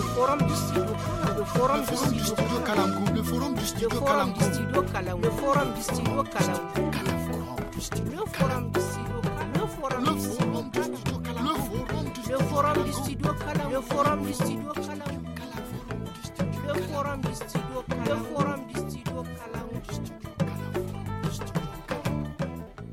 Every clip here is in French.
le forum du studio le forum du studio le forum du studio le forum du studio le forum du le forum du le forum du studio le forum du le forum le forum du le forum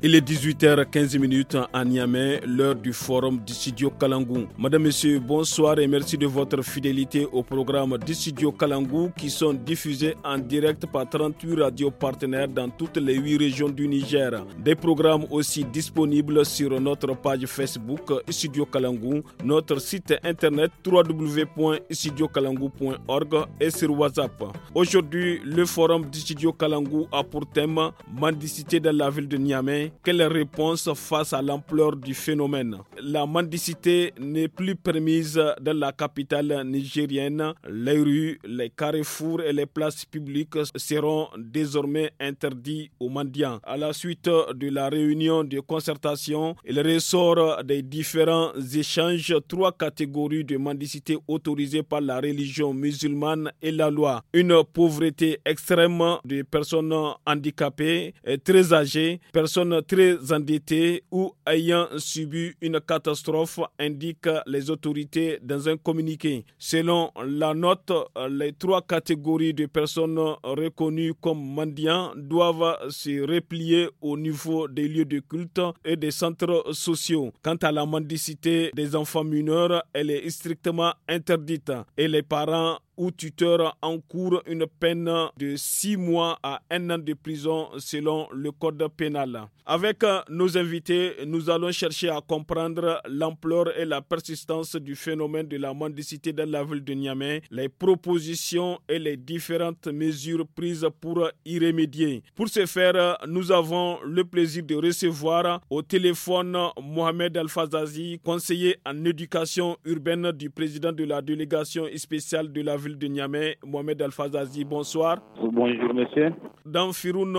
Il est 18h15 à Niamey, l'heure du forum Dissidio Kalangou. Madame, Monsieur, bonsoir et merci de votre fidélité au programme Dissidio Kalangou qui sont diffusés en direct par 38 radios partenaires dans toutes les 8 régions du Niger. Des programmes aussi disponibles sur notre page Facebook Studio Kalangou, notre site internet www.studiokalangou.org et sur WhatsApp. Aujourd'hui, le forum Dissidio Kalangou a pour thème Mendicité dans la ville de Niamey quelle réponse face à l'ampleur du phénomène La mendicité n'est plus permise dans la capitale nigérienne. Les rues, les carrefours et les places publiques seront désormais interdits aux mendiants. À la suite de la réunion de concertation, il ressort des différents échanges trois catégories de mendicité autorisées par la religion musulmane et la loi. Une pauvreté extrême des personnes handicapées, et très âgées, personnes très endettés ou ayant subi une catastrophe, indiquent les autorités dans un communiqué. Selon la note, les trois catégories de personnes reconnues comme mendiants doivent se replier au niveau des lieux de culte et des centres sociaux. Quant à la mendicité des enfants mineurs, elle est strictement interdite et les parents ou tuteur encourt une peine de six mois à un an de prison selon le code pénal. Avec euh, nos invités, nous allons chercher à comprendre l'ampleur et la persistance du phénomène de la mendicité dans la ville de Niamey, les propositions et les différentes mesures prises pour y remédier. Pour ce faire, nous avons le plaisir de recevoir au téléphone Mohamed Al-Fazazi, conseiller en éducation urbaine du président de la délégation spéciale de la ville de Niamey, Mohamed Al-Fazazi. Bonsoir. Bonjour, monsieur. Dans Firoun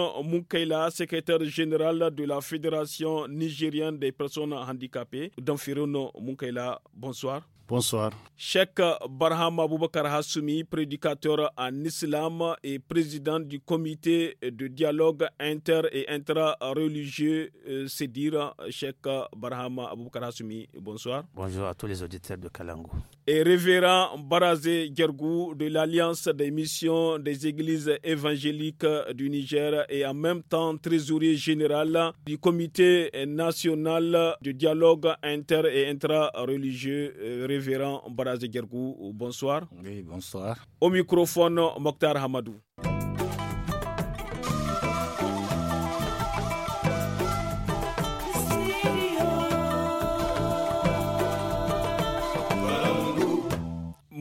secrétaire général de la Fédération nigérienne des personnes handicapées. Dans Firoun bonsoir. Bonsoir. Cheikh Barham Aboubakar Hassoumi, prédicateur en islam et président du comité de dialogue inter et intra-religieux, euh, c'est dire Cheikh Barham Aboubakar Hassoumi. Bonsoir. Bonjour à tous les auditeurs de Kalango et révérend Barazé Gergou de l'Alliance des missions des églises évangéliques du Niger et en même temps trésorier général du Comité national du dialogue inter- et intra-religieux, euh, révérend Barazé Gergou. Bonsoir. Oui, bonsoir. Au microphone, Mokhtar Hamadou.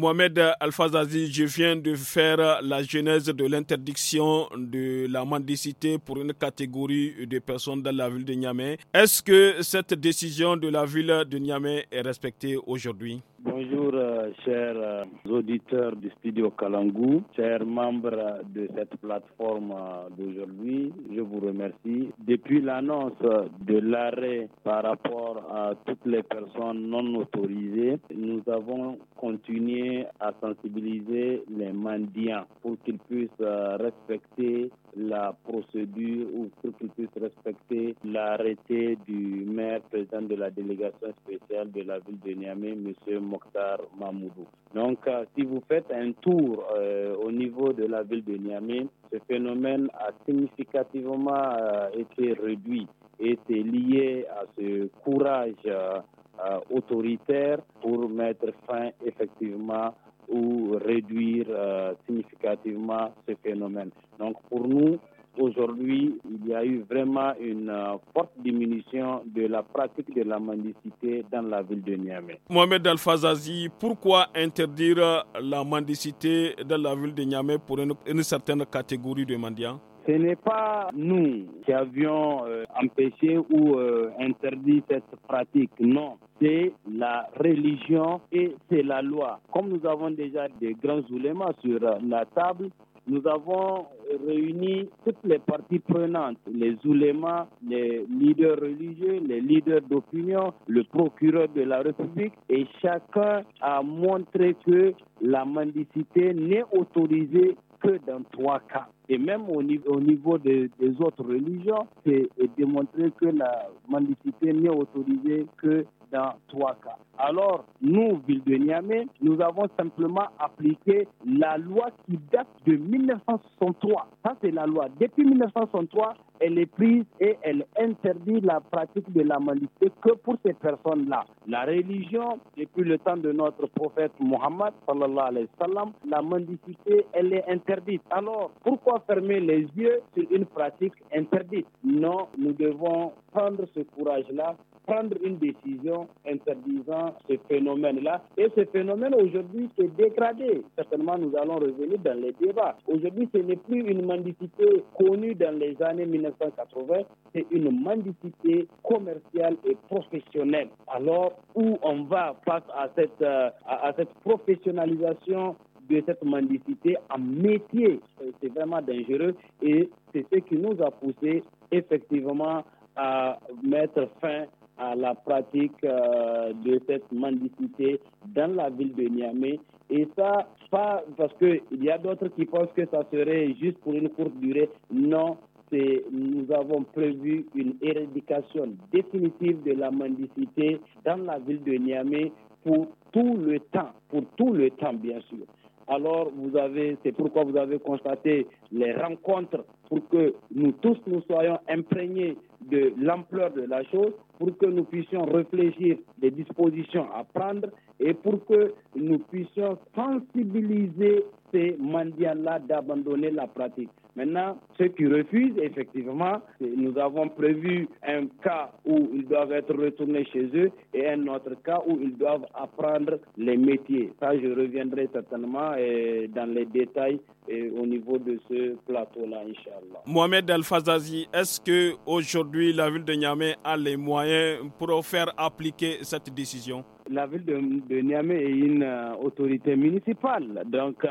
Mohamed Al Fazazi, je viens de faire la genèse de l'interdiction de la mendicité pour une catégorie de personnes dans la ville de Niamey. Est-ce que cette décision de la ville de Niamey est respectée aujourd'hui Bonjour, euh, chers euh, auditeurs du studio Kalangou, chers membres de cette plateforme euh, d'aujourd'hui. Je vous remercie. Depuis l'annonce de l'arrêt par rapport à toutes les personnes non autorisées, nous avons continué à sensibiliser les mendiants pour qu'ils puissent respecter la procédure ou pour qu'ils puissent respecter l'arrêté du maire président de la délégation spéciale de la ville de Niamey, monsieur Mokhtar Mamoudou. Donc, euh, si vous faites un tour euh, au niveau de la ville de Niamey, ce phénomène a significativement euh, été réduit et lié à ce courage autoritaire pour mettre fin effectivement ou réduire significativement ce phénomène. Donc, pour nous, Aujourd'hui, il y a eu vraiment une euh, forte diminution de la pratique de la mendicité dans la ville de Niamey. Mohamed Al-Fazazi, pourquoi interdire euh, la mendicité dans la ville de Niamey pour une, certaine catégorie de mendiants ce n'est pas nous qui avions euh, empêché ou interdit cette pratique, non. C'est la religion et c'est la loi. Comme nous avons déjà des grands oulémas sur la table, nous avons réuni toutes les parties prenantes, les oulémas, les leaders religieux, les leaders d'opinion, le procureur de la République, et chacun a montré que la mendicité n'est autorisée que dans trois cas. Et même au niveau, des autres religions, c'est démontré que la mendicité n'est autorisée que dans trois cas. Alors, nous, ville de Niamey, nous avons simplement appliqué la loi qui date de 1963. Ça, c'est la loi. Depuis 1963, elle est prise et elle interdit la pratique de la malicité que pour ces personnes-là. La religion, depuis le temps de notre prophète Mohammed, la mendicité, elle est interdite. Alors, pourquoi fermer les yeux sur une pratique interdite Non, nous devons prendre ce courage-là prendre une décision interdisant ce phénomène-là. Et ce phénomène aujourd'hui s'est dégradé. Certainement, nous allons revenir dans les débats. Aujourd'hui, ce n'est plus une mendicité connue dans les années 1980, c'est une mendicité commerciale et professionnelle. Alors, où on va face à cette, euh, à cette professionnalisation de cette mendicité en métier, c'est vraiment dangereux et c'est ce qui nous a poussé effectivement à mettre fin à la pratique euh, de cette mendicité dans la ville de Niamey. Et ça, pas parce qu'il y a d'autres qui pensent que ça serait juste pour une courte durée. Non, nous avons prévu une éradication définitive de la mendicité dans la ville de Niamey pour tout le temps, pour tout le temps bien sûr. Alors vous avez, c'est pourquoi vous avez constaté les rencontres pour que nous tous nous soyons imprégnés de l'ampleur de la chose pour que nous puissions réfléchir des dispositions à prendre et pour que nous puissions sensibiliser ces mendiants-là d'abandonner la pratique. Maintenant, ceux qui refusent, effectivement, nous avons prévu un cas où ils doivent être retournés chez eux et un autre cas où ils doivent apprendre les métiers. Ça, je reviendrai certainement euh, dans les détails euh, au niveau de ce plateau-là, Inch'Allah. Mohamed Al-Fazazi, est-ce que aujourd'hui la ville de Niamey a les moyens pour faire appliquer cette décision? la ville de, Niamey est une euh, autorité municipale. Donc, euh,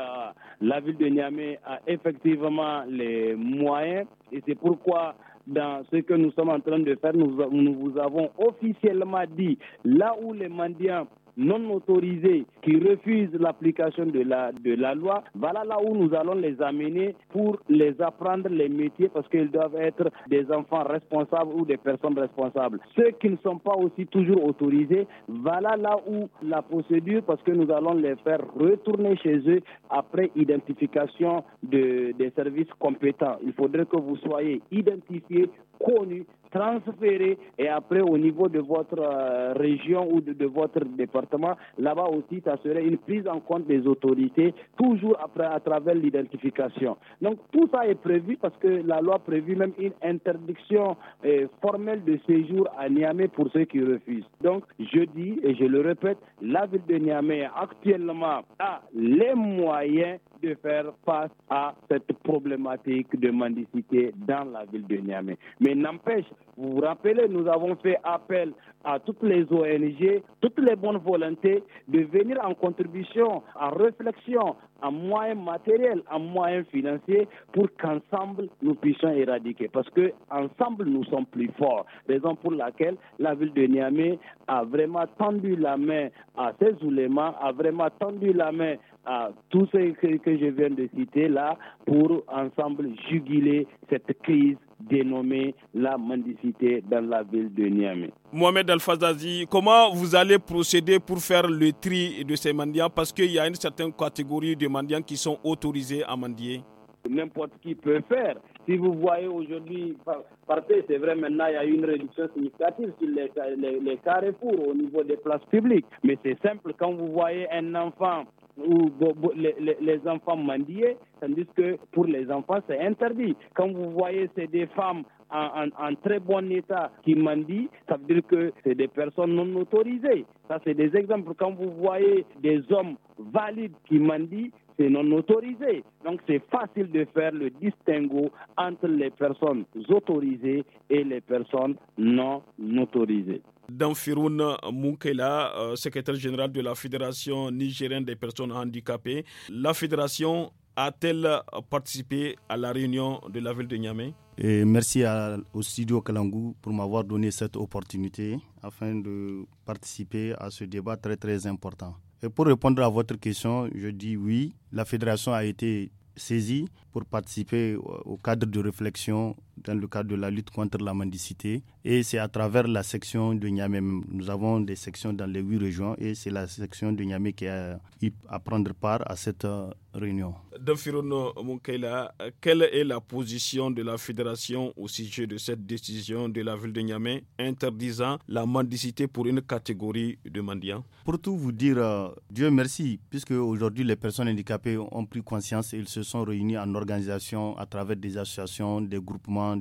la ville de Niamey a effectivement les moyens et c'est pourquoi dans ce que nous sommes en train de faire, nous, nous vous avons officiellement dit là où les mendiants non autorisés qui refusent l'application de la, loi, voilà là où nous allons les amener pour les apprendre les métiers parce qu'ils doivent être des enfants responsables ou des personnes responsables. Ceux qui ne sont pas aussi toujours autorisés, voilà là où la procédure, parce que nous allons les faire retourner chez eux après identification de, des services compétents. Il faudrait que vous soyez identifiés, connus transférer et après au niveau de votre euh, région ou de, votre département, là-bas aussi, ça serait une prise en compte des autorités, toujours après à travers l'identification. Donc tout ça est prévu parce que la loi prévue même une interdiction euh, formelle de séjour à Niamey pour ceux qui refusent. Donc je dis et je le répète, la ville de Niamey actuellement a les moyens de faire face à cette problématique de mendicité dans la ville de Niamey. Mais n'empêche, vous vous rappelez, nous avons fait appel à toutes les ONG, toutes les bonnes volontés de venir en contribution, en réflexion, en moyens matériels, en moyens financiers pour qu'ensemble nous puissions éradiquer. Parce que ensemble nous sommes plus forts. Raison pour laquelle la ville de Niamey a vraiment tendu la main à ses oulémas, a vraiment tendu la main à tout ce que, je viens de citer là pour ensemble juguler cette crise dénommée la mendicité dans la ville de Niamey. Mohamed Al-Fazazi, comment vous allez procéder pour faire le tri de ces mendiants Parce qu'il y a une certaine catégorie de mendiants qui sont autorisés à mendier. N'importe qui peut faire. Si vous voyez aujourd'hui, c'est vrai, maintenant il y a une réduction significative sur les, les carrefours au niveau des places publiques. Mais c'est simple, quand vous voyez un enfant ou les, les, les enfants mendiés, tandis que pour les enfants, c'est interdit. Quand vous voyez, c'est des femmes en, en, très bon état qui mendient, ça veut dire que c'est des personnes non autorisées. Ça, c'est des exemples. Quand vous voyez des hommes valides qui mendient, c'est non autorisé. Donc c'est facile de faire le distinguo entre les personnes autorisées et les personnes non autorisées. Dans Firoune Moukela, euh, secrétaire général de la Fédération nigérienne des personnes handicapées, la fédération a-t-elle participé à la réunion de la ville de Niamey Merci au studio Kalangou pour m'avoir donné cette opportunité afin de participer à ce débat très très important pour répondre à votre question, je dis oui, la fédération a été saisie pour participer au cadre de réflexion dans le cadre de la lutte contre la mendicité. Et c'est à travers la section de Niamey. Nous avons des sections dans les huit régions et c'est la section de Niamey qui a à prendre part à cette euh, réunion. Dafirono Moukela, quelle est la position de la fédération au sujet de cette décision de la ville de Niamey interdisant la mendicité pour une catégorie de mendiants Pour tout vous dire, euh, Dieu merci, puisque aujourd'hui les personnes handicapées ont pris conscience ils se sont réunis en organisation à travers des associations, des groupements,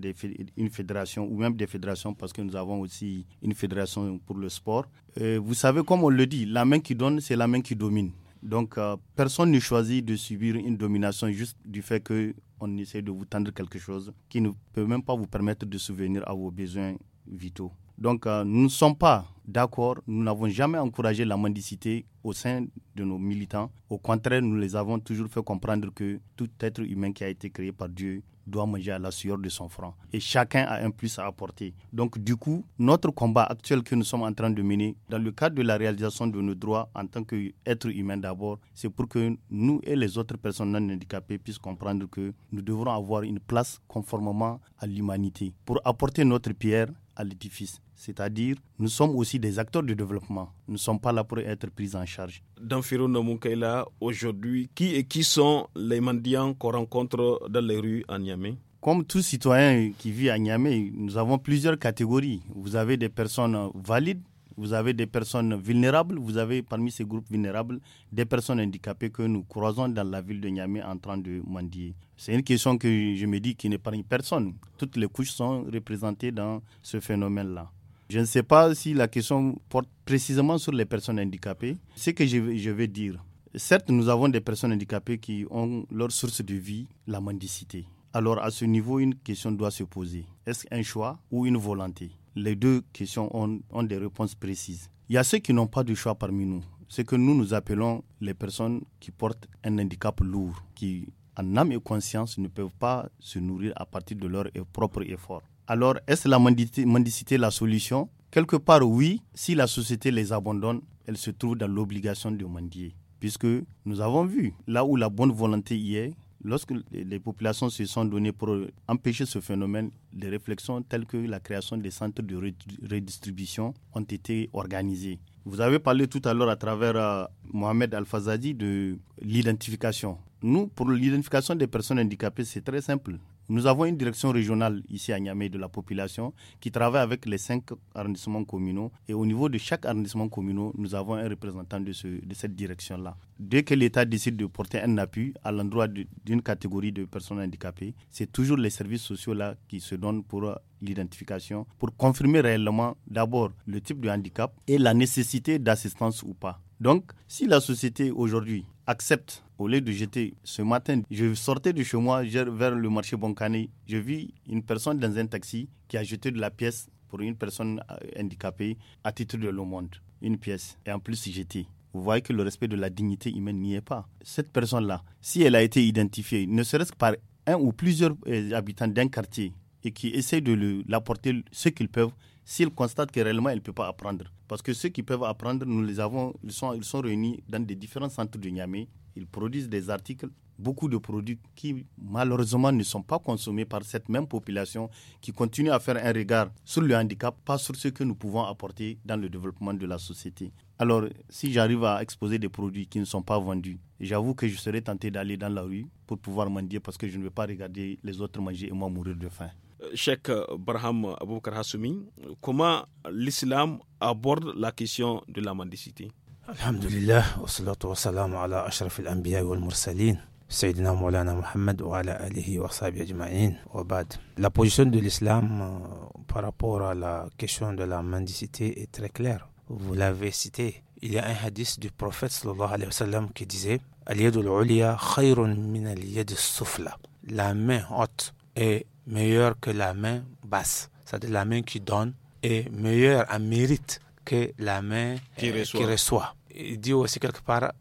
une fédération ou même des fédérations parce que nous avons aussi une fédération pour le sport. Euh, vous savez, comme on le dit, la main qui donne, c'est la main qui domine. Donc, euh, personne ne choisit de subir une domination juste du fait qu'on essaie de vous tendre quelque chose qui ne peut même pas vous permettre de souvenir à vos besoins vitaux. Donc euh, nous ne sommes pas d'accord, nous n'avons jamais encouragé la mendicité au sein de nos militants. Au contraire, nous les avons toujours fait comprendre que tout être humain qui a été créé par Dieu doit manger à la sueur de son front. Et chacun a un plus à apporter. Donc du coup, notre combat actuel que nous sommes en train de mener, dans le cadre de la réalisation de nos droits en tant qu'êtres humains d'abord, c'est pour que nous et les autres personnes non handicapées puissent comprendre que nous devrons avoir une place conformément à l'humanité. Pour apporter notre pierre à l'édifice. C'est-à-dire, nous sommes aussi des acteurs de développement. Nous ne sommes pas là pour être pris en charge. Dans Firou Moukaila, aujourd'hui, qui et qui sont les mendiants qu'on rencontre dans les rues à Niamey comme tout citoyen qui vit à Niamey, nous avons plusieurs catégories. Vous avez des personnes valides vous avez des personnes vulnérables, vous avez parmi ces groupes vulnérables des personnes handicapées que nous croisons dans la ville de Niamey en train de mendier. C'est une question que je me dis qui n'épargne personne. Toutes les couches sont représentées dans ce phénomène-là. Je ne sais pas si la question porte précisément sur les personnes handicapées. Ce que je, veux dire, certes, nous avons des personnes handicapées qui ont leur source de vie, la mendicité. Alors à ce niveau, une question doit se poser. Est-ce un choix ou une volonté les deux questions ont, ont des réponses précises. Il y a ceux qui n'ont pas de choix parmi nous. Ce que nous, nous appelons les personnes qui portent un handicap lourd, qui, en âme et conscience, ne peuvent pas se nourrir à partir de leurs e-, propres efforts. Alors, est-ce la mendicité la solution Quelque part, oui, si la société les abandonne, elle se trouve dans l'obligation de mendier. Puisque nous avons vu, là où la bonne volonté y est, Lorsque les populations se sont données pour empêcher ce phénomène, des réflexions telles que la création des centres de redistribution ont été organisées. Vous avez parlé tout à l'heure à travers euh, Mohamed Al-Fazadi de l'identification. Nous, pour l'identification des personnes handicapées, c'est très simple. Nous avons une direction régionale ici à Niamey de la population qui travaille avec les cinq arrondissements communaux. Et au niveau de chaque arrondissement communal, nous avons un représentant de, de cette direction-là. Dès que l'État décide de porter un appui à l'endroit d'une catégorie de personnes handicapées, c'est toujours les services sociaux-là qui se donnent pour l'identification, pour confirmer réellement d'abord le type de handicap et la nécessité d'assistance ou pas. Donc, si la société aujourd'hui accepte, au lieu de jeter ce matin, je sortais de chez moi vers le marché Boncané, je vis une personne dans un taxi qui a jeté de la pièce pour une personne euh, handicapée à titre de low-monde. une pièce, et en plus jetée. Vous voyez que le respect de la dignité humaine n'y est pas. Cette personne-là, si elle a été identifiée, ne serait-ce que par un ou plusieurs euh, habitants d'un quartier, et qui essayent de l'apporter ce qu'ils peuvent, s'ils constatent que réellement ils ne peuvent pas apprendre. Parce que ceux qui peuvent apprendre, nous les avons, ils sont, ils sont réunis dans des différents centres de Niamey. Ils produisent des articles, beaucoup de produits qui malheureusement ne sont pas consommés par cette même population qui continue à faire un regard sur le handicap, pas sur ce que nous pouvons apporter dans le développement de la société. Alors, si j'arrive à exposer des produits qui ne sont pas vendus, j'avoue que je serais tenté d'aller dans la rue pour pouvoir mendier parce que je ne veux pas regarder les autres manger et moi mourir de faim. Cheikh Braham Aboukar Hassoumi, comment l'islam aborde la question de la mendicité Alhamdulillah, wa salatu wa salam ala ashraf al-anbiya wal mursalin, Sayyidina Maulana Muhammad wa ala alihi wa sahbihi ajma'in wa bad. La position de l'islam euh, par rapport à la question de la mendicité est très claire. Vous l'avez cité. Il y a un hadith du prophète sallallahu alayhi wa sallam qui disait « Al-yadul uliya khayrun min al-yad sufla » La main haute est meilleur que la main basse, c'est-à-dire la main qui donne, est meilleure en mérite que la main qui, euh, reçoit. Il dit aussi quelque part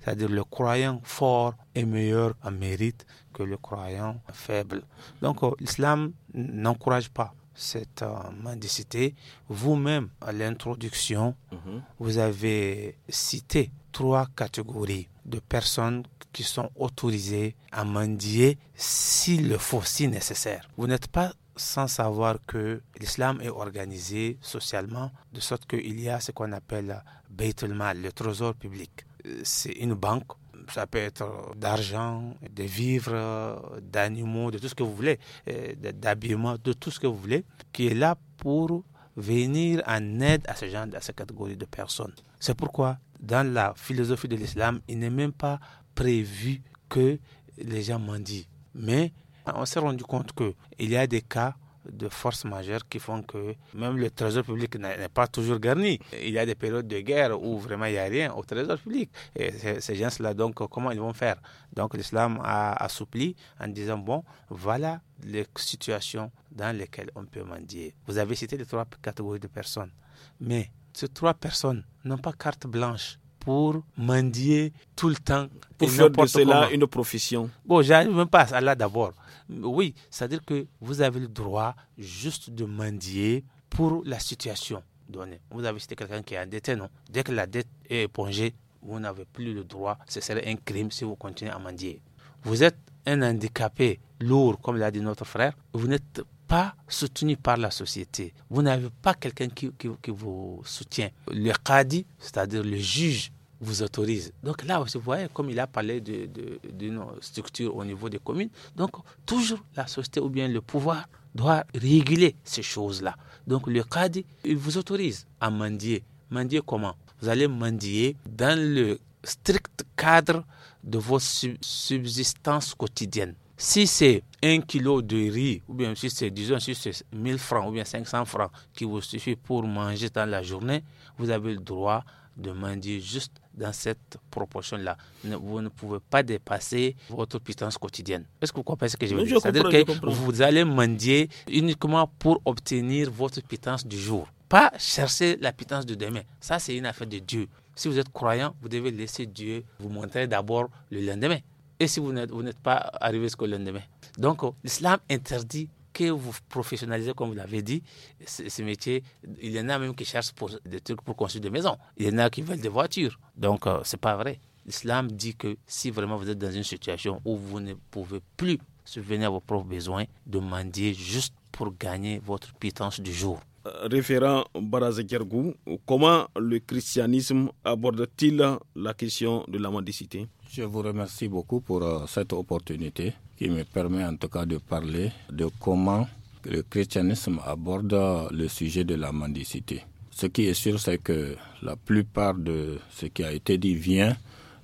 c'est-à-dire le croyant fort est meilleur en mérite que le croyant faible. Donc euh, l'islam n'encourage pas cette euh, mendicité. Vous-même, à l'introduction, mhm. vous avez cité trois catégories de personnes qui sont autorisées à mendier s'il le faut, si nécessaire. Vous n'êtes pas sans savoir que l'islam est organisé socialement de sorte qu'il y a ce qu'on appelle Beit mal le trésor public. Euh, c'est une banque, ça peut être d'argent, de vivres, d'animaux, de tout ce que vous voulez, euh, d'habillement, de tout ce que vous voulez, qui est là pour venir en aide à ce genre, à cette catégorie de personnes. C'est pourquoi dans la philosophie de l'islam, il n'est même pas prévu que les gens mendient. Mais on s'est rendu compte qu'il y a des cas de force majeure qui font que même le trésor public n'est pas toujours garni. Il y a des périodes de guerre où vraiment il n'y a rien au trésor public. Et ces gens-là, donc, comment ils vont faire Donc, l'islam a assoupli en disant bon, voilà les situations dans lesquelles on peut mendier. Vous avez cité les trois catégories de personnes, mais ces trois personnes n'ont pas carte blanche pour mendier tout le temps. Pour faire de cela une profession. Bon, j'arrive même pas à là d'abord. Oui, c'est-à-dire que vous avez le droit juste de mendier pour la situation donnée. Vous avez cité quelqu'un qui est endetté, non Dès que la dette est épongée, vous n'avez plus le droit. Ce serait un crime si vous continuez à mendier. Vous êtes un handicapé lourd, comme l'a dit notre frère. Vous n'êtes pas soutenu par la société. Vous n'avez pas quelqu'un qui, qui, vous soutient. Le qadi, c'est-à-dire le juge, vous autorise. Donc là, vous voyez, comme il a parlé d'une de, de, structure au niveau des communes, donc toujours la société ou bien le pouvoir doit réguler ces choses-là. Donc le cadi, il vous autorise à mendier. Mendier comment Vous allez mendier dans le strict cadre de vos subsistances quotidiennes. Si c'est un kilo de riz, ou bien si c'est, disons, si c'est 1000 francs ou bien 500 francs qui vous suffit pour manger dans la journée, vous avez le droit de mendier juste dans cette proportion-là. Vous ne pouvez pas dépasser votre pitance quotidienne. Est-ce que vous comprenez ce que je veux dire C'est-à-dire que vous allez mendier uniquement pour obtenir votre puissance du jour. Pas chercher la pitance de demain. Ça, c'est une affaire de Dieu. Si vous êtes croyant, vous devez laisser Dieu vous montrer d'abord le lendemain. Et si vous n'êtes pas arrivé jusqu'au lendemain. Donc, euh, l'islam interdit que vous professionnalisez, comme vous l'avez dit, ce, métier. Il y en a même qui cherchent des trucs pour construire des maisons. Il y en a qui veulent des voitures. Donc, ce euh, c'est pas vrai. L'islam dit que si vraiment vous êtes dans une situation où vous ne pouvez plus subvenir à vos propres besoins, demandez juste pour gagner votre pitance du jour. Euh, référent Barazekergou, comment le christianisme aborde-t-il la question de la mendicité je vous remercie beaucoup pour euh, cette opportunité qui me permet en tout cas de parler de comment le christianisme aborde euh, le sujet de la mendicité. Ce qui est sûr, c'est que la plupart de ce qui a été dit vient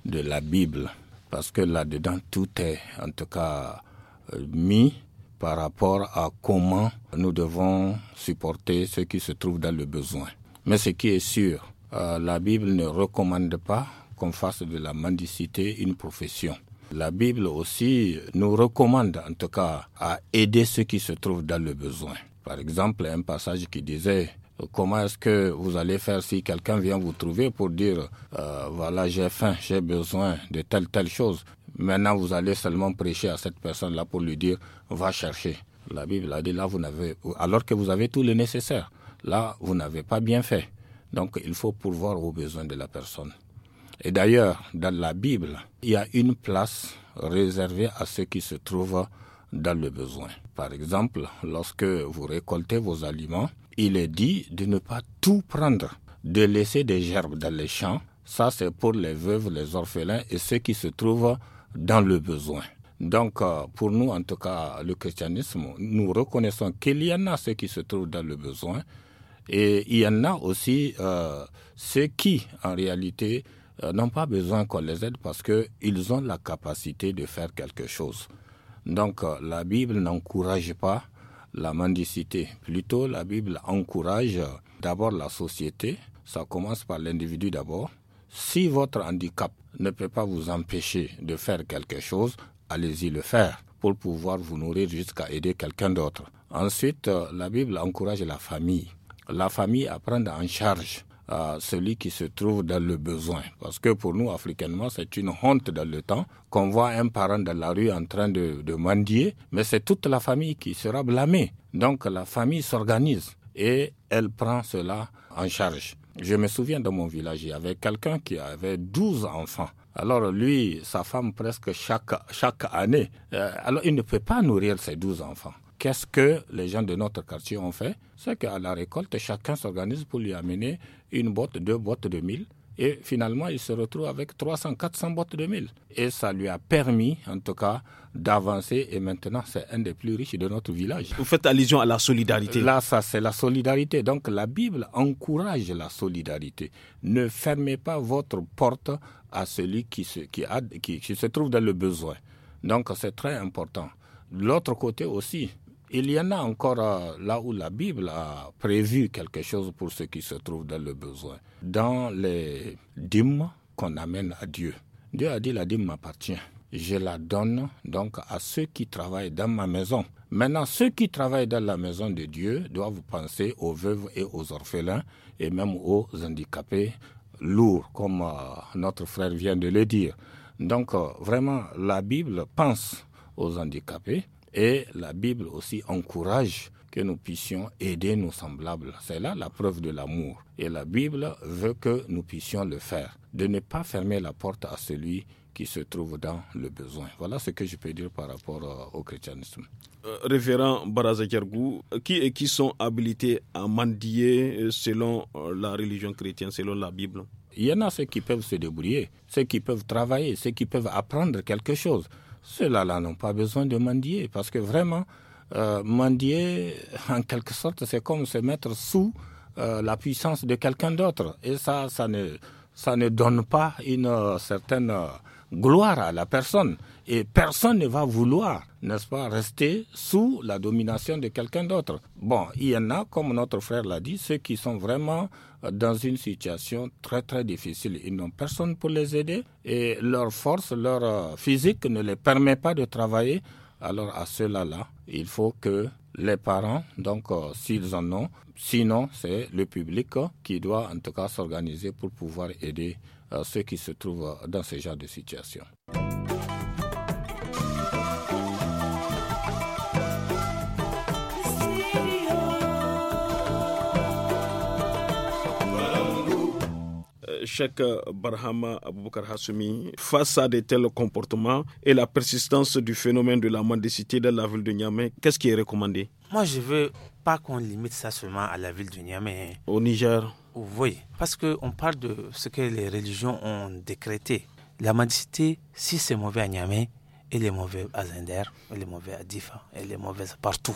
de la Bible, parce que là-dedans, tout est en tout cas euh, mis par rapport à comment nous devons supporter ceux qui se trouvent dans le besoin. Mais ce qui est sûr, la Bible ne recommande pas qu'on fasse de la mendicité une profession. La Bible aussi nous recommande en tout cas à aider ceux qui se trouvent dans le besoin. Par exemple, un passage qui disait comment est-ce que vous allez faire si quelqu'un vient vous trouver pour dire euh, voilà j'ai faim, j'ai besoin de telle telle chose. Maintenant vous allez seulement prêcher à cette personne là pour lui dire va chercher. La Bible a dit là vous n'avez alors que vous avez tout le nécessaire. Là vous n'avez pas bien fait. Donc il faut pourvoir aux besoins de la personne. Et d'ailleurs, dans la Bible, il y a une place réservée à ceux qui se trouvent dans le besoin. Par exemple, lorsque vous récoltez vos aliments, il est dit de ne pas tout prendre, de laisser des gerbes dans les champs. Ça, c'est pour les veuves, les orphelins et ceux qui se trouvent dans le besoin. Donc, euh, pour nous, en tout cas, le christianisme, nous reconnaissons qu'il y en a ceux qui se trouvent dans le besoin et il y en a aussi euh, ceux qui, en réalité, euh, n'ont pas besoin qu'on les aide parce qu'ils ont la capacité de faire quelque chose. Donc euh, la Bible n'encourage pas la mendicité. Plutôt, la Bible encourage euh, d'abord la société. Ça commence par l'individu d'abord. Si votre handicap ne peut pas vous empêcher de faire quelque chose, allez-y le faire pour pouvoir vous nourrir jusqu'à aider quelqu'un d'autre. Ensuite, la Bible encourage la famille. La famille à prendre en charge à celui qui se trouve dans le besoin. Parce que pour nous, africainement, c'est une honte dans le temps qu'on voit un parent dans la rue en train de, mendier, mais c'est toute la famille qui sera blâmée. Donc la famille s'organise et elle prend cela en charge. Je me souviens dans mon village, il y avait quelqu'un qui avait 12 enfants. Alors lui, sa femme presque chaque, année, euh, alors il ne peut pas nourrir ses 12 enfants qu'est-ce que les gens de notre quartier ont fait C'est qu'à la récolte, chacun s'organise pour lui amener une boîte, deux boîtes de mille. Et finalement, il se retrouve avec 300, 400 boîtes de mille. Et ça lui a permis, en tout cas, d'avancer. Et maintenant, c'est un des plus riches de notre village. Vous faites allusion à la solidarité. Là, ça, c'est la solidarité. Donc, la Bible encourage la solidarité. Ne fermez pas votre porte à celui qui se, qui se trouve dans le besoin. Donc, c'est très important. L'autre côté aussi, il y en a encore euh, là où la Bible a prévu quelque chose pour ceux qui se trouvent dans le besoin. Dans les dîmes qu'on amène à Dieu. Dieu a dit la dîme m'appartient. Je la donne donc à ceux qui travaillent dans ma maison. Maintenant, ceux qui travaillent dans la maison de Dieu doivent penser aux veuves et aux orphelins et même aux handicapés lourds, comme euh, notre frère vient de le dire. Donc, euh, vraiment, la Bible pense aux handicapés, et la Bible aussi encourage que nous puissions aider nos semblables. C'est là la preuve de l'amour. Et la Bible veut que nous puissions le faire, de ne pas fermer la porte à celui qui se trouve dans le besoin. Voilà ce que je peux dire par rapport euh, au christianisme. Euh, référent Barazakergou, qui et qui sont habilités à mendier euh, selon la religion chrétienne, selon la Bible Il y en a ceux qui peuvent se débrouiller, ceux qui peuvent travailler, ceux qui peuvent apprendre quelque chose ceux-là n'ont pas besoin de mendier, parce que vraiment, euh, mendier, en quelque sorte, c'est comme se mettre sous euh, la puissance de quelqu'un d'autre. Et ça, ça ne, ça ne donne pas une euh, certaine gloire à la personne. Et personne ne va vouloir, n'est-ce pas, rester sous la domination de quelqu'un d'autre. Bon, il y en a, comme notre frère l'a dit, ceux qui sont vraiment euh, dans une situation très très difficile. Ils n'ont personne pour les aider et leur force, leur euh, physique ne les permet pas de travailler. Alors à ceux là, il faut que les parents, donc euh, s'ils en ont, sinon c'est le public qui doit en tout cas s'organiser pour pouvoir aider ceux qui se trouvent dans ce genre de situation. Cheikh Barhama Aboubakar Hassoumi, face à de tels comportements et la persistance du phénomène de la mendicité dans la ville de Niamey, qu'est-ce qui est recommandé Moi, je ne veux pas qu'on limite ça seulement à la ville de Niamey. Hein. Au Niger Oui, parce qu'on parle de ce que les religions ont décrété. La mendicité, si c'est mauvais à Niamey, elle est mauvaise à Zender, elle est mauvaise à Difa, elle est mauvaise partout.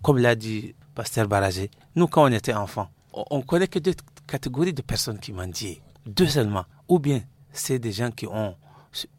Comme l'a dit Pasteur Barajé, nous, quand on était enfants, on connaît que deux catégories de personnes qui mendient deux seulement. Ou bien c'est des gens qui ont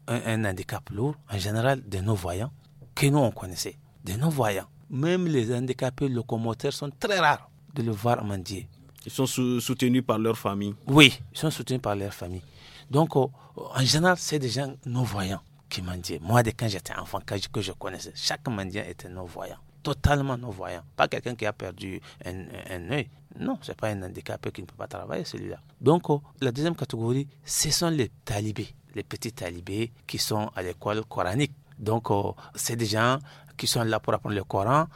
un, handicap lourd, en général des non-voyants, que nous on connaissait, des non-voyants. Même les handicapés locomoteurs sont très rares de le voir mendier. Ils sont soutenus par leur famille. Oui, ils sont soutenus par leur famille. Donc, oh, oh, en général, c'est des gens non-voyants qui mendient. Moi, dès quand j'étais enfant, que je connaissais, chaque mendiant était non-voyant totalement non-voyant. Pas quelqu'un qui a perdu un, œil. Non, ce n'est pas un handicapé qui ne peut pas travailler, celui-là. Donc, oh, la deuxième catégorie, ce sont les talibés, les petits talibés qui sont à l'école coranique. Donc, oh, c'est des gens qui sont là pour apprendre le Coran,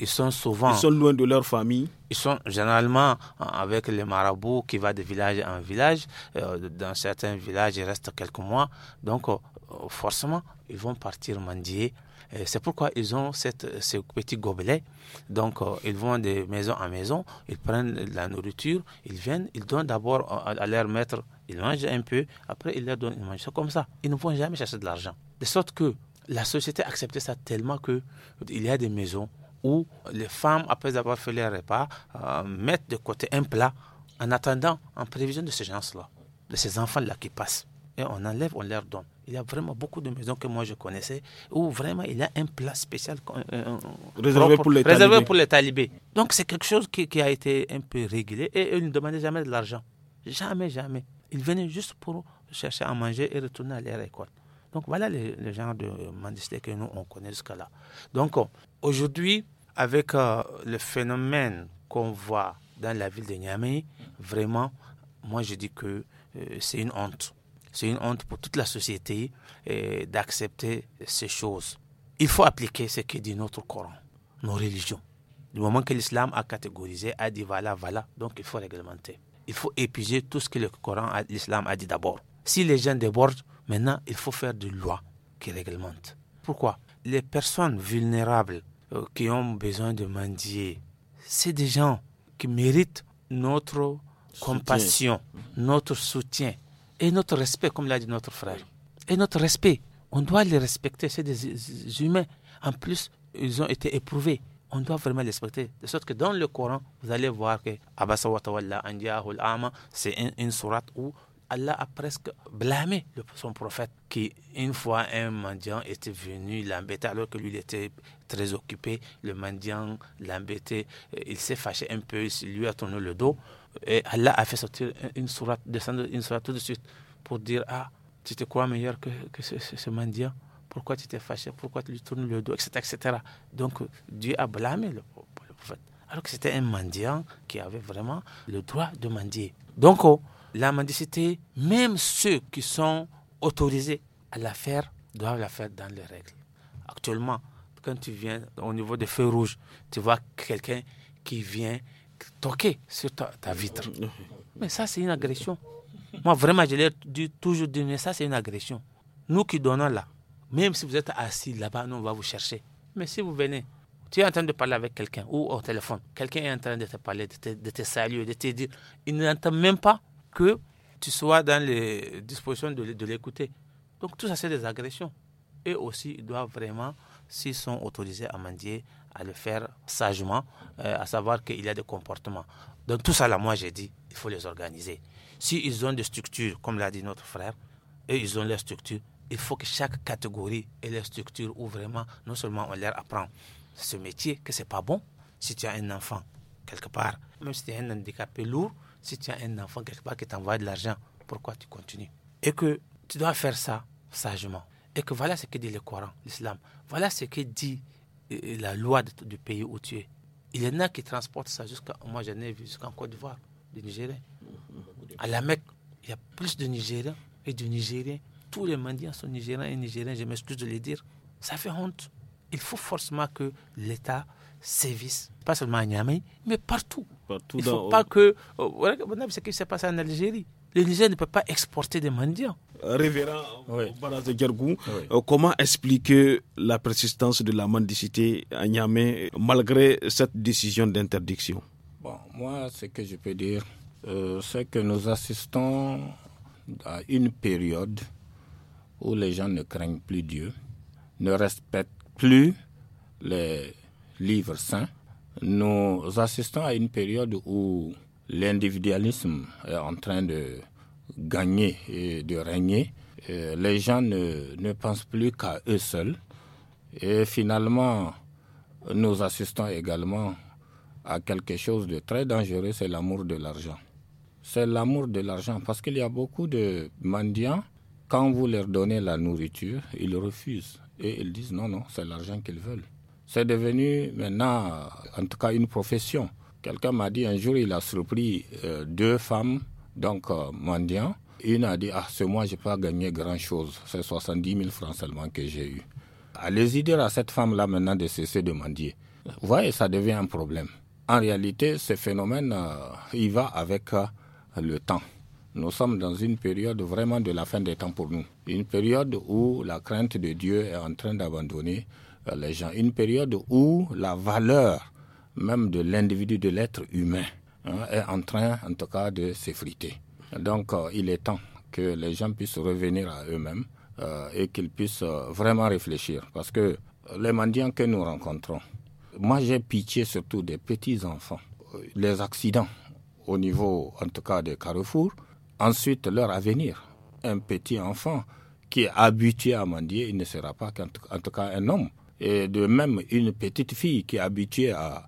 ils sont souvent... Ils sont loin de leur famille. Ils sont généralement avec les marabouts qui va de village en village. Euh, dans certains villages, ils restent quelques mois. Donc, euh, forcément, ils vont partir mendier. C'est pourquoi ils ont cette, ce petit gobelet. Donc, euh, ils vont de maison en maison, ils prennent de la nourriture, ils viennent, ils donnent d'abord à, leur maître, ils mangent un peu, après ils leur donnent, ils mangent. C'est comme ça. Ils ne vont jamais chercher de l'argent. De sorte que la société a ça tellement qu'il y a des maisons où les femmes, après avoir fait leur repas, euh, mettent de côté un plat en attendant, en prévision de ces gens-là, de ces enfants-là qui passent. Et on enlève, on leur donne. Il y a vraiment beaucoup de maisons que moi je connaissais où vraiment il y a un plat spécial euh, euh, réservé, pour les réservé pour les talibés. Donc c'est quelque chose qui, a été un peu régulé et ils ne demandaient jamais de l'argent. Jamais, jamais. Ils venaient juste pour chercher à manger et retourner à leur école. Donc voilà le, genre de euh, mendicité que nous, on connaît jusqu'à là. Donc euh, aujourd'hui, avec euh, le phénomène qu'on voit dans la ville de Niamey, vraiment, moi je dis que c'est une honte. C'est une honte pour toute la société d'accepter ces choses. Il faut appliquer ce que dit notre Coran, nos religions. Du moment que l'islam a catégorisé, a dit voilà, voilà, donc il faut réglementer. Il faut épuiser tout ce que le Coran, l'islam a dit d'abord. Si les gens débordent, Maintenant, il faut faire des lois qui réglementent. Pourquoi Les personnes vulnérables euh, qui ont besoin de mendier, c'est des gens qui méritent notre compassion, notre soutien et notre respect, comme l'a dit notre frère. Et notre respect, on doit les respecter, c'est des humains. En plus, ils ont été éprouvés. On doit vraiment les respecter. De sorte que dans le Coran, vous allez voir que Abasa c'est une, une sourate où Allah a presque blâmé son prophète qui, une fois, un mendiant était venu l'embêter alors que lui était très occupé. Le mendiant l'embêtait, euh, il s'est fâché un peu, il lui a tourné le dos. Et Allah a fait sortir une sourate, descendre une sourate tout de suite pour dire Ah, tu te crois meilleur que, que ce, mendiant Pourquoi tu t'es fâché Pourquoi tu lui tournes le dos etc., etc. Donc Dieu a blâmé le, prophète. Alors que c'était un mendiant qui avait vraiment le droit de mendier. Donc, oh, la mendicité, même ceux qui sont autorisés à la faire, doivent la faire dans les règles. Actuellement, quand tu viens au niveau des feux rouges, tu vois quelqu'un qui vient toquer sur ta, vitre. Mais ça, c'est une agression. Moi, vraiment, je l'ai toujours dit, mais ça, c'est une agression. Nous qui donnons là, même si vous êtes assis là-bas, nous, on va vous chercher. Mais si vous venez, tu es en train de parler avec quelqu'un ou au téléphone, quelqu'un est en train de te parler, de te, de te saluer, de te dire, il n'entend même pas que tu sois dans les dispositions de, l'écouter. Donc tout ça, c'est des agressions. Et aussi, ils doivent vraiment, s'ils sont autorisés à mendier, à le faire sagement, euh, à savoir qu'il y a des comportements. Donc tout ça, là, moi, j'ai dit, il faut les organiser. S'ils ont des structures, comme l'a dit notre frère, et ils ont leurs structures, il faut que chaque catégorie ait leur structure où vraiment, non seulement on leur apprend ce métier, que c'est pas bon, si tu as un enfant quelque part, même si tu as un handicapé lourd, si tu as un enfant quelque part qui t'envoie de l'argent, pourquoi tu continues Et que tu dois faire ça sagement. Et que voilà ce que dit le Coran, l'islam. Voilà ce que dit euh, euh, la loi du pays où tu es. Il y en a qui transportent ça jusqu'à. Moi, j'en ai vu jusqu'en Côte d'Ivoire, du Nigériens. À la Mecque, il y a plus de Nigériens et de Nigériens. Tous les mendiants sont Nigériens et Nigériens, je m'excuse de le dire. Ça fait honte. Il faut forcément que l'État sévissent, pas seulement à Niamey, mais partout. partout Il faut pas que. ce qui s'est passé en Algérie. Le ne peut pas exporter des mendiants. Révérend euh, euh, comment expliquer la persistance de la mendicité à Niamey malgré cette décision d'interdiction Bon, moi, ce que je peux dire, euh, c'est que nous assistons à une période où les gens ne craignent plus Dieu, ne respectent plus les livre saint, nous assistons à une période où l'individualisme est en train de gagner et de régner. les gens ne, ne pensent plus qu'à eux seuls. Et finalement, nous assistons également à quelque chose de très dangereux, c'est l'amour de l'argent. C'est l'amour de l'argent parce qu'il y a beaucoup de mendiants, quand vous leur donnez la nourriture, ils refusent et ils disent non, non, c'est l'argent qu'ils veulent. C'est devenu maintenant, en tout cas, une profession. Quelqu'un m'a dit un jour, il a surpris euh, deux femmes, donc euh, mendiants. Une a dit, ah, ce mois, je n'ai pas gagné grand-chose. C'est 70 000 francs seulement que j'ai eu. Allez-y dire à cette femme-là maintenant de cesser de mendier. Vous voyez, ça devient un problème. En réalité, ce phénomène, euh, il va avec euh, le temps. Nous sommes dans une période vraiment de la fin des temps pour nous. Une période où la crainte de Dieu est en train d'abandonner euh, les gens. Une période où la valeur même de l'individu, de l'être humain, hein, est en train, en tout cas, de s'effriter. Donc, euh, il est temps que les gens puissent revenir à eux-mêmes euh, et qu'ils puissent vraiment réfléchir. Parce que les mendiants que nous rencontrons, moi j'ai pitié surtout des petits-enfants. Les accidents au niveau, en tout cas, des carrefours, ensuite leur avenir. Un petit enfant qui est habitué à mendier, il ne sera pas, en tout cas, un homme et de même, une petite fille qui est habituée à,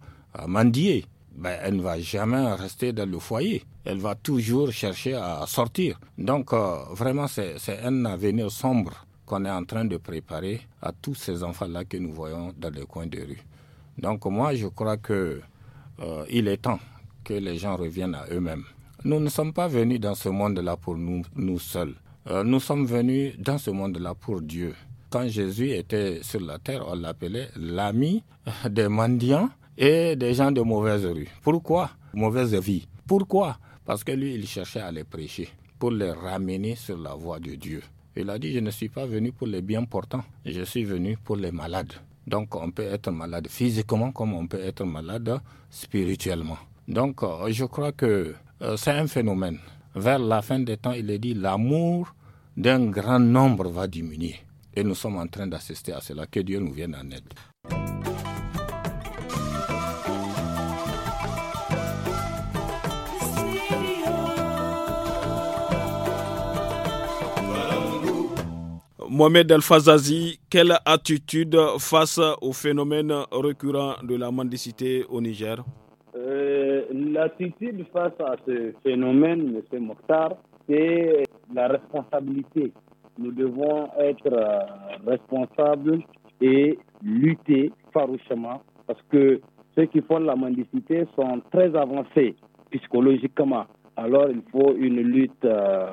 mendier, ben, elle ne va jamais rester dans le foyer. Elle va toujours chercher à sortir. Donc, euh, vraiment, c'est un avenir sombre qu'on est en train de préparer à tous ces enfants-là que nous voyons dans les coins de rue. Donc, moi, je crois que euh, il est temps que les gens reviennent à eux-mêmes. Nous ne sommes pas venus dans ce monde-là pour nous, nous seuls. Euh, nous sommes venus dans ce monde-là pour Dieu quand Jésus était sur la terre, on l'appelait l'ami des mendiants et des gens de mauvaise rue. Pourquoi Mauvaise vie. Pourquoi Parce que lui, il cherchait à les prêcher, pour les ramener sur la voie de Dieu. Il a dit, je ne suis pas venu pour les bien portants, je suis venu pour les malades. Donc on peut être malade physiquement comme on peut être malade spirituellement. Donc euh, je crois que euh, c'est un phénomène. Vers la fin des temps, il est dit, l'amour d'un grand nombre va diminuer. Et nous sommes en train d'assister à cela. Que Dieu nous vienne en aide. Mohamed Al-Fazazi, quelle attitude face au phénomène récurrent de la mendicité au Niger euh, L'attitude face à ce phénomène, M. Mokhtar, c'est la responsabilité nous devons être euh, responsables et lutter farouchement parce que ceux qui font la mendicité sont très avancés psychologiquement. Alors il faut une lutte euh,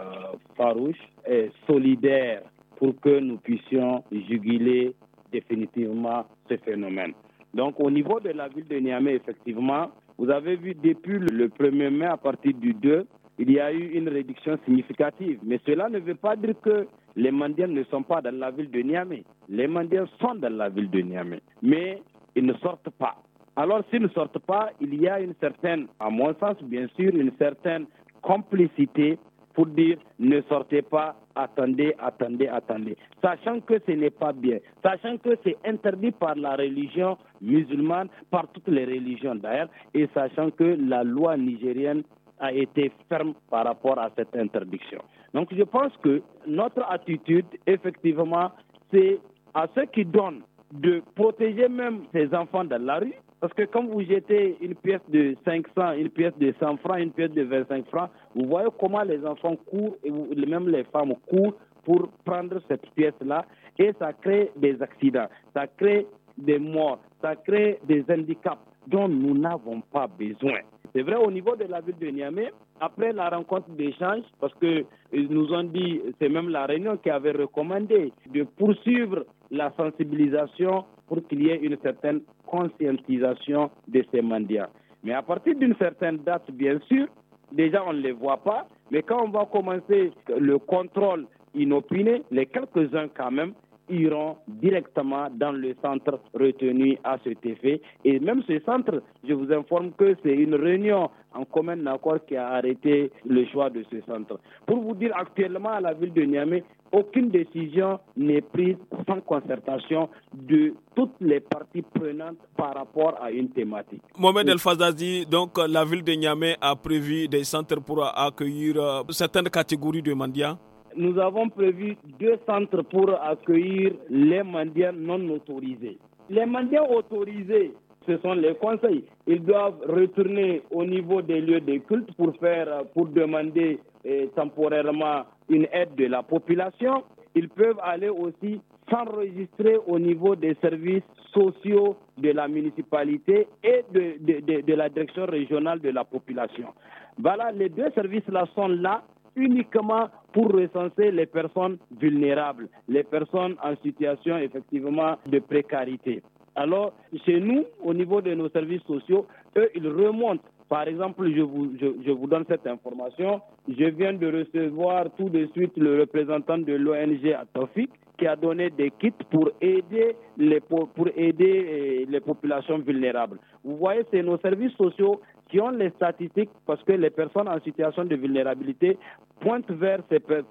farouche et solidaire pour que nous puissions juguler définitivement ce phénomène. Donc au niveau de la ville de Niamey, effectivement, vous avez vu depuis le 1er mai à partir du 2, il y a eu une réduction significative. Mais cela ne veut pas dire que les Mandiens ne sont pas dans la ville de Niamey. Les Mandiens sont dans la ville de Niamey. Mais ils ne sortent pas. Alors s'ils ne sortent pas, il y a une certaine, à mon sens bien sûr, une certaine complicité pour dire ne sortez pas, attendez, attendez, attendez. Sachant que ce n'est pas bien, sachant que c'est interdit par la religion musulmane, par toutes les religions d'ailleurs, et sachant que la loi nigérienne a été ferme par rapport à cette interdiction. Donc je pense que notre attitude, effectivement, c'est à ceux qui donnent de protéger même ces enfants dans la rue. Parce que quand vous jetez une pièce de 500, une pièce de 100 francs, une pièce de 25 francs, vous voyez comment les enfants courent, et même les femmes courent pour prendre cette pièce-là. Et ça crée des accidents, ça crée des morts, ça crée des handicaps dont nous n'avons pas besoin. C'est vrai, au niveau de la ville de Niamey, après la rencontre d'échange, parce que nous ont dit, c'est même la réunion qui avait recommandé de poursuivre la sensibilisation pour qu'il y ait une certaine conscientisation de ces mendiants. Mais à partir d'une certaine date, bien sûr, déjà on ne les voit pas, mais quand on va commencer le contrôle inopiné, les quelques-uns quand même iront directement dans le centre retenu à cet effet. Et même ce centre, je vous informe que c'est une réunion en commun d'accord qui a arrêté le choix de ce centre. Pour vous dire, actuellement, à la ville de Niamey, aucune décision n'est prise sans concertation de toutes les parties prenantes par rapport à une thématique. Mohamed El Fazazi, donc la ville de Niamey a prévu des centres pour accueillir euh, certaines catégories de mendiants nous avons prévu deux centres pour accueillir les mendiants non autorisés. Les mendiants autorisés, ce sont les conseils. Ils doivent retourner au niveau des lieux de culte pour faire, pour demander eh, temporairement une aide de la population. Ils peuvent aller aussi s'enregistrer au niveau des services sociaux de la municipalité et de, de, de la direction régionale de la population. Voilà, les deux services-là sont là uniquement pour recenser les personnes vulnérables, les personnes en situation effectivement de précarité. Alors, chez nous, au niveau de nos services sociaux, eux, ils remontent. Par exemple, je vous, je, je vous donne cette information. Je viens de recevoir tout de suite le représentant de l'ONG Atofik qui a donné des kits pour aider les, pour aider eh, les populations vulnérables. Vous voyez, c'est nos services sociaux qui ont les statistiques parce que les personnes en situation de vulnérabilité pointent vers,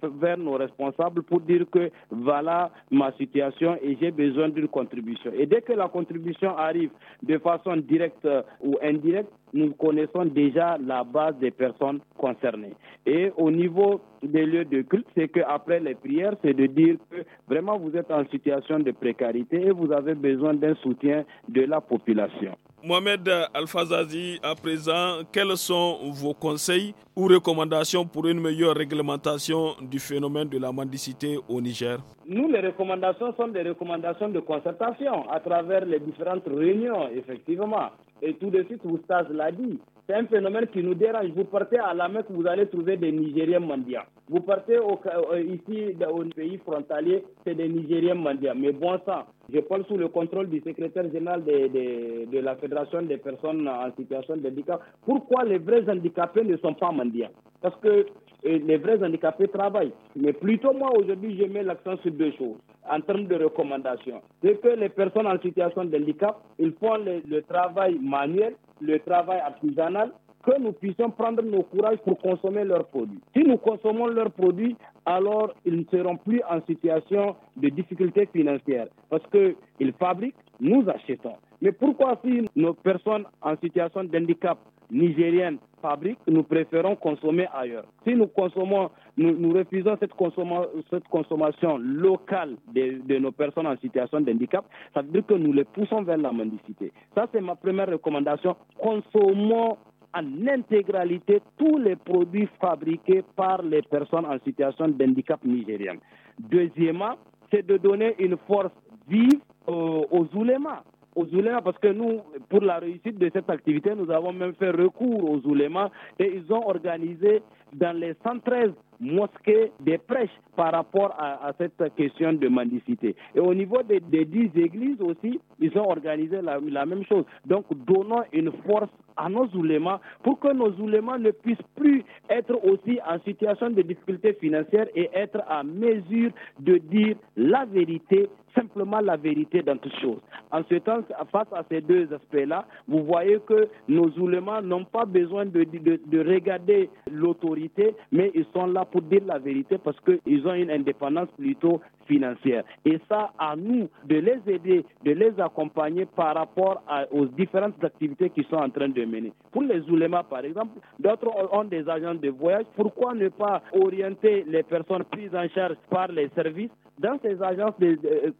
vers nos responsables pour dire que voilà ma situation et j'ai besoin d'une contribution. Et dès que la contribution arrive de façon directe euh, ou indirecte, nous connaissons déjà la base des personnes concernées. Et au niveau des lieux de culte, c'est qu'après les prières, c'est de dire que vraiment vous êtes en situation de précarité et vous avez besoin d'un soutien de la population. Mohamed Al-Fazazi, à présent, quels sont vos conseils ou recommandations pour une meilleure réglementation du phénomène de la mendicité au Niger Nous, les recommandations sont des recommandations de concertation à travers les différentes réunions, effectivement. Et tout de suite, Oustaz l'a dit, c'est un phénomène qui nous dérange. Vous partez à la Mecque, vous allez trouver des Nigériens mendiants. Vous partez au, euh, ici, au pays frontalier, c'est des Nigériens mendiants. Mais bon sang, je parle sous le contrôle du secrétaire général de, la Fédération des personnes en situation de handicap. Pourquoi les vrais handicapés ne sont pas mendiants Parce que et les vrais handicapés travaillent. Mais plutôt, moi, aujourd'hui, je mets l'accent sur deux choses en termes de recommandations. C'est que les personnes en situation de handicap, ils font le, travail manuel, le travail artisanal, que nous puissions prendre nos courage pour consommer leurs produits. Si nous consommons leurs produits, alors ils ne seront plus en situation de difficulté financière parce qu'ils fabriquent, nous achetons. Mais pourquoi si nos personnes en situation d'handicap nigériennes fabrique, nous préférons consommer ailleurs. Si nous consommons, nous, refusons cette, consommation, cette consommation locale de, nos personnes en situation d'handicap, ça veut dire que nous les poussons vers la mendicité. Ça, c'est ma première recommandation. Consommons en intégralité tous les produits fabriqués par les personnes en situation d'handicap nigériennes. Deuxièmement, c'est de donner une force vive euh, aux oulémas aux parce que nous, pour la réussite de cette activité, nous avons même fait recours aux oulémas et ils ont organisé dans les 113 mosquées des prêches par rapport à, cette question de mendicité. Et au niveau des, dix 10 églises aussi, ils ont organisé la, même chose. Donc donnons une force à nos oulémas pour que nos oulémas ne puissent plus être aussi en situation de difficulté financière et être à mesure de dire la vérité simplement la vérité dans toutes choses. En ce temps, face à ces deux aspects-là, vous voyez que nos oulémas n'ont pas besoin de, de, regarder l'autorité, mais ils sont là pour dire la vérité parce qu'ils ont une indépendance plutôt financière. Et ça, à nous de les aider, de les accompagner par rapport aux différentes activités qu'ils sont en train de mener. Pour les oulémas, par exemple, d'autres ont des agents de voyage. Pourquoi ne pas orienter les personnes prises en charge par les services dans ces agences,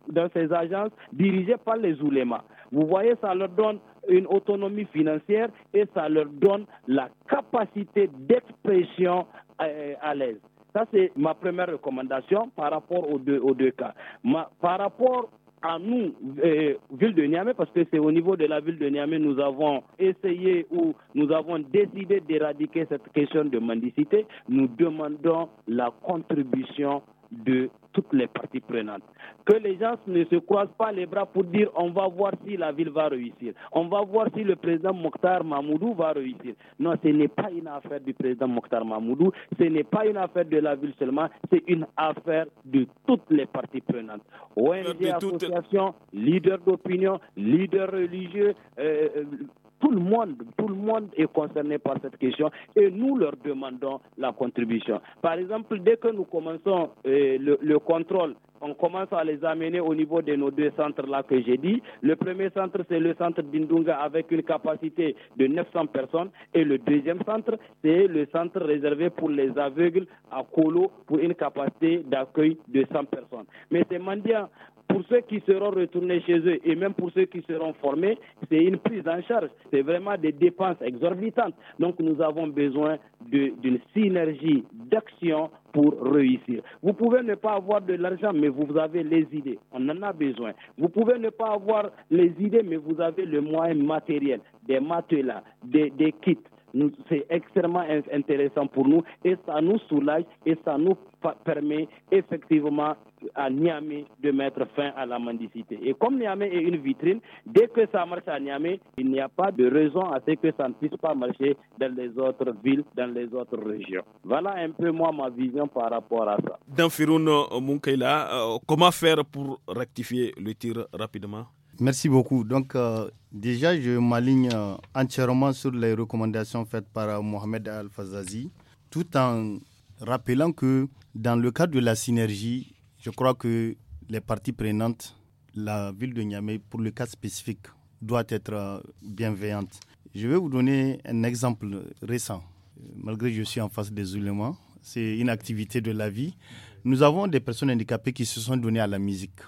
dans ces agences dirigées par les oulémas. Vous voyez, ça leur donne une autonomie financière et ça leur donne la capacité d'expression euh, à l'aise. Ça, c'est ma première recommandation par rapport aux deux, deux cas. par rapport à nous, euh, ville de Niamey, parce que c'est au niveau de la ville de Niamey, nous avons essayé ou nous avons décidé d'éradiquer cette question de mendicité. Nous demandons la contribution de toutes les parties prenantes. Que les gens ne se croisent pas les bras pour dire on va voir si la ville va réussir, on va voir si le président Mokhtar Mahmoudou va réussir. Non, ce n'est pas une affaire du président Mokhtar Mahmoudou, ce n'est pas une affaire de la ville seulement, c'est une affaire de toutes les parties prenantes. ONG, associations, leaders d'opinion, leaders religieux, euh, euh, tout le monde, tout le monde est concerné par cette question et nous leur demandons la contribution. Par exemple, dès que nous commençons euh, le, contrôle on commence à les amener au niveau de nos deux centres-là que j'ai dit. Le premier centre, c'est le centre d'Indunga avec une capacité de 900 personnes. Et le deuxième centre, c'est le centre réservé pour les aveugles à Kolo pour une capacité d'accueil de 100 personnes. Mais ces mendiants, pour ceux qui seront retournés chez eux et même pour ceux qui seront formés, c'est une prise en charge. C'est vraiment des dépenses exorbitantes. Donc nous avons besoin d'une synergie d'action pour réussir. Vous pouvez ne pas avoir de l'argent, mais vous avez les idées. On en a besoin. Vous pouvez ne pas avoir les idées, mais vous avez le moyen matériel, des matelas, des, des kits. C'est extrêmement intéressant pour nous et ça nous soulage et ça nous permet effectivement à Niamey de mettre fin à la mendicité. Et comme Niamey est une vitrine, dès que ça marche à Niamey, il n'y a pas de raison à ce que ça ne puisse pas marcher dans les autres villes, dans les autres régions. Voilà un peu moi ma vision par rapport à ça. Dans Firoun euh, Munkaila, euh, comment faire pour rectifier le tir rapidement Merci beaucoup. Donc, euh, déjà, je m'aligne entièrement sur les recommandations faites par Mohamed Al-Fazazi, tout en rappelant que dans le cadre de la synergie je crois que les parties prenantes, la ville de Niamey, pour le cas spécifique, doit être euh, bienveillante. Je vais vous donner un exemple récent. Malgré que je suis en face des éléments, c'est une activité de la vie. Nous avons des personnes handicapées qui se sont données à la musique.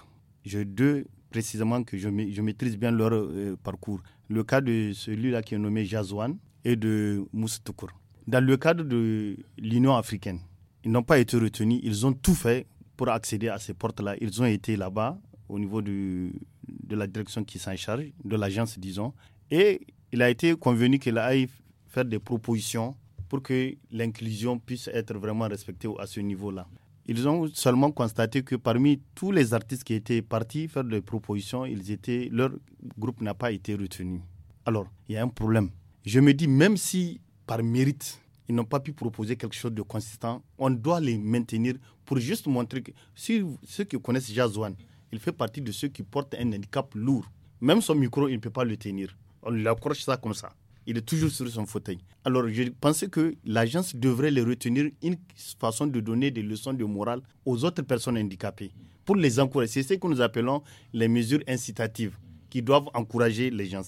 Je deux précisément que je, maîtrise bien leur euh, parcours. Le cas de celui-là qui est nommé Jazwan et de Moustoukour. Dans le cadre de l'Union africaine, ils n'ont pas été retenus, ils ont tout fait pour accéder à ces portes-là, ils ont été là-bas au niveau du, de la direction qui s'en charge, de l'agence, disons. Et il a été convenu qu'il aille faire des propositions pour que l'inclusion puisse être vraiment respectée à ce niveau-là. Ils ont seulement constaté que parmi tous les artistes qui étaient partis faire des propositions, ils étaient, leur groupe n'a pas été retenu. Alors, il y a un problème. Je me dis, même si par mérite, ils n'ont pas pu proposer quelque chose de consistant, on doit les maintenir pour juste montrer que si ceux qui connaissent Jazwan, il fait partie de ceux qui portent un handicap lourd. Même son micro, il ne peut pas le tenir. On accroche ça comme ça. Il est toujours sur son fauteuil. Alors, je pensais que l'agence devrait les retenir une façon de donner des leçons de morale aux autres personnes handicapées pour les encourager. C'est ce que nous appelons les mesures incitatives qui doivent encourager les gens.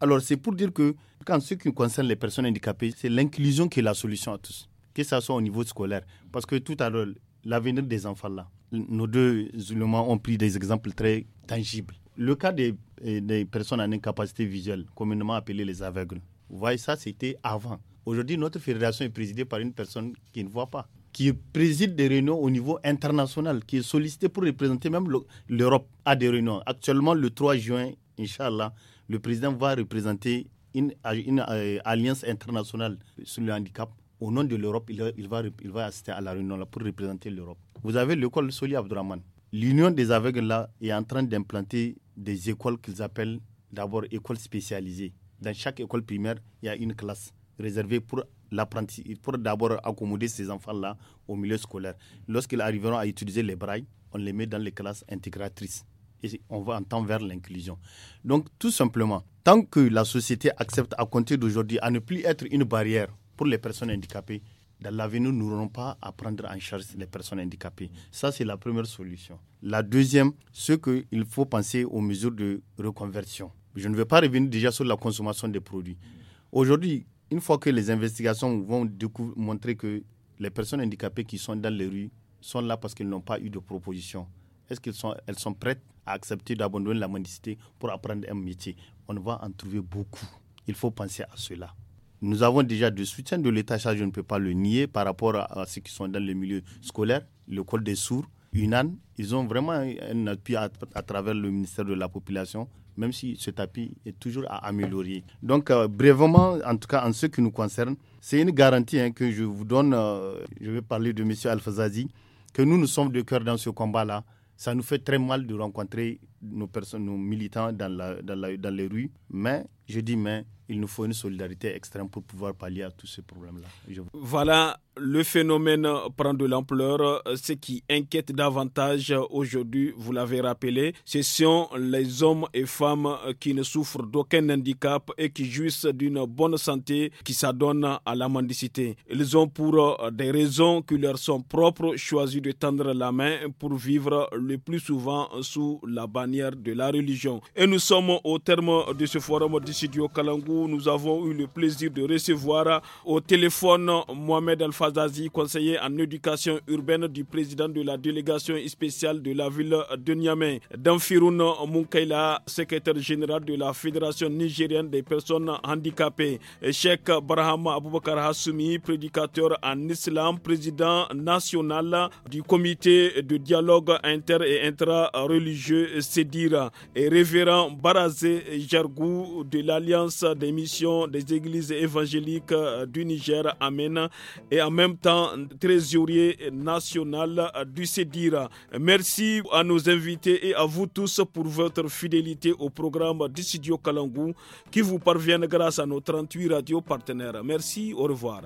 Alors, c'est pour dire que, quand ce qui concerne les personnes handicapées, c'est l'inclusion qui est la solution à tous, que ce soit au niveau scolaire. Parce que tout à l'heure, l'avenir des enfants là. Nos deux éléments ont pris des exemples très tangibles. Le cas des, eh, des personnes en incapacité visuelle, communément appelées les aveugles. Vous voyez, ça, c'était avant. Aujourd'hui, notre fédération est présidée par une personne qui ne voit pas, qui préside des réunions au niveau international, qui est sollicitée pour représenter même l'Europe à des réunions. Actuellement, le 3 juin, Inch'Allah, le président va représenter une, une euh, alliance internationale sur le handicap au nom de l'Europe, il, va, il va assister à la réunion là pour représenter l'Europe. Vous avez l'école Soli Abdurrahman. L'Union des aveugles là est en train d'implanter des écoles qu'ils appellent d'abord écoles spécialisées. Dans chaque école primaire, il y a une classe réservée pour l'apprenti, pour d'abord accommoder ces enfants-là au milieu scolaire. Lorsqu'ils arriveront à utiliser les brailles, on les met dans les classes intégratrices et on va en temps vers l'inclusion. Donc, tout simplement, tant que la société accepte à compter d'aujourd'hui à ne plus être une barrière pour les personnes handicapées, dans l'avenir, nous n'aurons pas à prendre en charge les personnes handicapées. Ça, c'est la première solution. La deuxième, c'est qu'il faut penser aux mesures de reconversion. Je ne vais pas revenir déjà sur la consommation des produits. Aujourd'hui, une fois que les investigations vont montrer que les personnes handicapées qui sont dans les rues sont là parce qu'elles n'ont pas eu de proposition, est-ce qu'elles sont, elles sont prêtes à accepter d'abandonner la mendicité pour apprendre un métier On va en trouver beaucoup. Il faut penser à cela. Nous avons déjà du soutien de l'État, ça je ne peux pas le nier par rapport à, ceux qui sont dans le milieu scolaire, l'école des sourds, UNAN. Ils ont vraiment un appui à, travers le ministère de la Population, même si ce tapis est toujours à améliorer. Donc, brèvement, euh, brièvement, en tout cas en ce qui nous concerne, c'est une garantie hein, que je vous donne. Euh, je vais parler de M. Alfazazi, que nous, nous sommes de cœur dans ce combat-là. Ça nous fait très mal de rencontrer nos, personnes, nos militants dans, dans les rues, mais je dis mais il nous faut une solidarité extrême pour pouvoir pallier à tous ces problèmes-là. Voilà le phénomène prend de l'ampleur. Euh, ce qui inquiète davantage aujourd'hui, vous l'avez rappelé, ce sont les hommes et femmes euh, qui ne souffrent d'aucun handicap et qui jouissent d'une bonne santé qui s'adonnent à la mendicité. Ils ont pour euh, des raisons qui leur sont propres choisi de tendre la main pour vivre le plus souvent sous la bannière de la religion. Et nous sommes au terme de ce forum du Kalangou. Nous avons eu le plaisir de recevoir au téléphone Mohamed Alpha Fazazi, conseiller en éducation urbaine du président de la délégation spéciale de la ville de Niamey, Danfiroun Munkaila, secrétaire général de la Fédération nigérienne des personnes handicapées, Cheikh Brahma Aboubakar Hassoumi, prédicateur en islam, président national du comité de dialogue inter- et intra-religieux et révérend Barazé Jargou de l'Alliance des missions des églises évangéliques du Niger, Amen, en même temps trésorier national du CEDIR. Merci à nos invités et à vous tous pour votre fidélité au programme du studio Kalangou qui vous parvient grâce à nos 38 radios partenaires. Merci, au revoir.